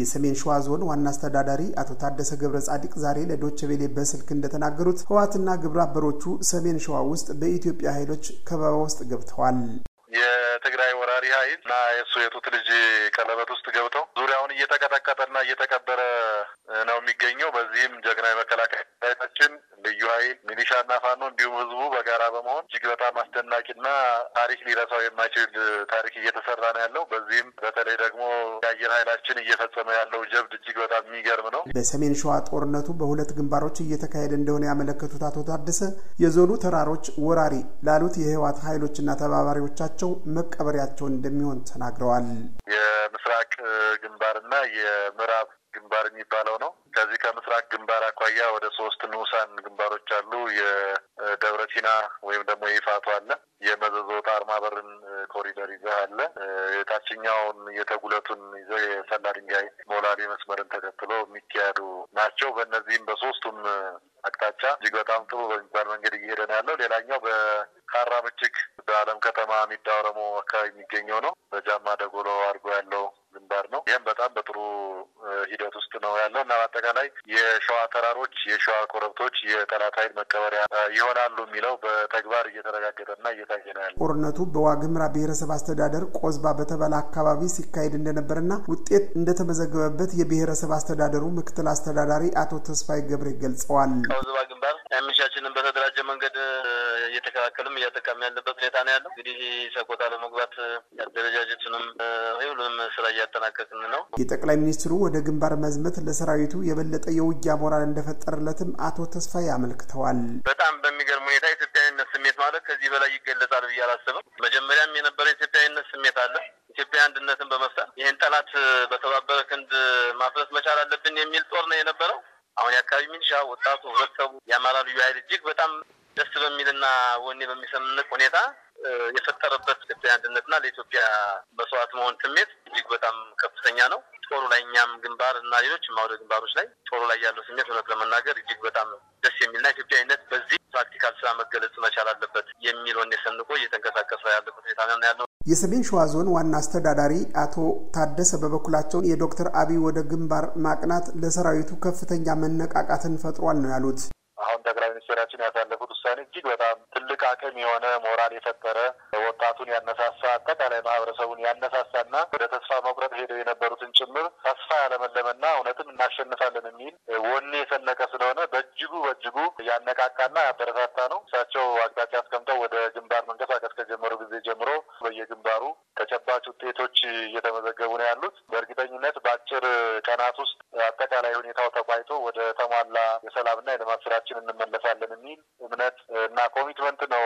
የሰሜን ሸዋ ዞን ዋና አስተዳዳሪ አቶ ታደሰ ገብረ ጻዲቅ ዛሬ ለዶቸቤሌ በስልክ እንደተናገሩት ህወሓትና ግብረ አበሮቹ ሰሜን ሸዋ ውስጥ በኢትዮጵያ ኃይሎች ከበባ ውስጥ ገብተዋል። የትግራይ ወራሪ ኃይል እና የእሱ የጡት ልጅ ቀለበት ውስጥ ገብተው ዙሪያውን እየተቀጠቀጠና እየተቀበረ ነው የሚገኘው። በዚህም ጀግና የመከላከያ ሰራዊታችን ልዩ ኃይል ሚሊሻና ፋኖ እንዲሁም ህዝቡ በጋራ በመሆን እጅግ በጣም አስደናቂና ታሪክ ሊረሳው የማይችል ታሪክ እየተሰራ ነው ያለው። በዚህም በተለይ ደግሞ የአየር ኃይላችን እየፈጸመ ያለው ጀብድ እጅግ በጣም የሚገርም ነው። በሰሜን ሸዋ ጦርነቱ በሁለት ግንባሮች እየተካሄደ እንደሆነ ያመለከቱት አቶ ታደሰ የዞኑ ተራሮች ወራሪ ላሉት የህወሓት ኃይሎችና ተባባሪዎቻቸው መቀበሪያቸው እንደሚሆን ተናግረዋል። የምስራቅ ግንባርና የምዕራብ ግንባር የሚባለው ነው። ከዚህ ከምስራቅ ግንባር አኳያ ወደ ሶስት ንዑሳን ግንባሮች አሉ። የደብረ ሲና ወይም ደግሞ የይፋቱ አለ። የመዘዞ አርማበርን ኮሪደር ይዘህ አለ። የታችኛውን የተጉለቱን ይዘህ የሰላ ድንጋይ ሞላሌ መስመርን ተከትሎ የሚካሄዱ ናቸው። በእነዚህም በሶስቱም አቅጣጫ እጅግ በጣም ጥሩ በሚባል መንገድ እየሄደ ነው ያለው። ሌላኛው ካራ ምጅግ በአለም ከተማ ሚዳ ኦሮሞ አካባቢ የሚገኘው ነው። በጃማ ደጎሎ አድርጎ ያለው ግንባር ነው። ይህም በጣም በጥሩ ሂደት ውስጥ ነው ያለው እና በአጠቃላይ የሸዋ ተራሮች፣ የሸዋ ኮረብቶች የጠላት ኃይል መቀበሪያ ይሆናሉ የሚለው በተግባር እየተረጋገጠና እየታየ ነው ያለው። ጦርነቱ በዋግምራ ብሔረሰብ አስተዳደር ቆዝባ በተባለ አካባቢ ሲካሄድ እንደነበርና ውጤት እንደተመዘገበበት የብሔረሰብ አስተዳደሩ ምክትል አስተዳዳሪ አቶ ተስፋይ ገብሬ ገልጸዋል። ቆዝባ ግንባር ሚሻችንን በተደራጀ መንገድ እየተከላከልም እያጠቃሚ ያለበት ሁኔታ ነው ያለው። እንግዲህ ሰቆጣ ለመግባት አደረጃጀቱንም ሁሉንም ስራ እያጠናቀቅን ነው። የጠቅላይ ሚኒስትሩ ወደ ግንባር መዝመት ለሰራዊቱ የበለጠ የውጊያ ሞራል እንደፈጠረለትም አቶ ተስፋዬ አመልክተዋል። በጣም በሚገርም ሁኔታ ኢትዮጵያዊነት ስሜት ማለት ከዚህ በላይ ይገለጻል ብዬ አላስብም። መጀመሪያም የነበረ ኢትዮጵያዊነት ስሜት አለ። ኢትዮጵያ አንድነትን በመፍጠር ይህን ጠላት በተባበረ ክንድ ማፍረስ መቻል አለብን የሚል ጦር ነው የነበረው። አሁን የአካባቢ ሚኒሻ፣ ወጣቱ፣ ህብረተሰቡ፣ የአማራ ልዩ ኃይል እጅግ በጣም ደስ በሚልና ወኔ በሚሰምንቅ ሁኔታ የፈጠረበት ኢትዮጵያ አንድነትና ለኢትዮጵያ መስዋዕት መሆን ስሜት እጅግ በጣም ከፍተኛ ነው። ጦሩ ላይ እኛም ግንባር እና ሌሎች ማውደ ግንባሮች ላይ ጦሩ ላይ ያለው ስሜት እውነት ለመናገር እጅግ በጣም ደስ የሚልና ኢትዮጵያዊነት በዚህ ፕራክቲካል ስራ መገለጽ መቻል አለበት የሚል ወኔ ሰንቆ እየተንቀሳቀሰ ያለበት ሁኔታ ነው ያለው። የሰሜን ሸዋ ዞን ዋና አስተዳዳሪ አቶ ታደሰ በበኩላቸውን የዶክተር አብይ ወደ ግንባር ማቅናት ለሰራዊቱ ከፍተኛ መነቃቃትን ፈጥሯል ነው ያሉት። አሁን ጠቅላይ ሚኒስቴራችን ያሳለፉት ውሳኔ እጅግ በጣም ትልቅ አቅም የሆነ ሞራል የፈጠረ ወጣቱን ያነሳሳ አጠቃላይ ማህበረሰቡን ያነሳሳና ወደ ተስፋ መቁረጥ ሄደው የነበሩትን ጭምር ተስፋ ያለመለመና እውነትም እናሸንፋለን የሚል ወኔ የሰነቀ ስለሆነ በእጅጉ በእጅጉ ያነቃቃና ያበረታታ ነው። እሳቸው አቅጣጫ አስቀምጠው ወደ ግንባር መንቀሳቀስ ከጀመሩ ጊዜ ጀምሮ በየግንባሩ ተጨባጭ ውጤቶች እየተመዘገቡ ነው ያሉት። በእርግጠኝነት በአጭር ቀናት ውስጥ አጠቃላይ ሁኔታው ተቋይ ሀገራችን እንመለሳለን የሚል እምነት እና ኮሚትመንት ነው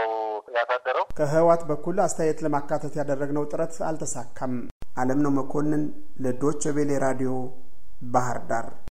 ያሳደረው። ከህወሓት በኩል አስተያየት ለማካተት ያደረግነው ጥረት አልተሳካም። አለም ነው መኮንን ለዶቸ ቬሌ ራዲዮ ባህር ዳር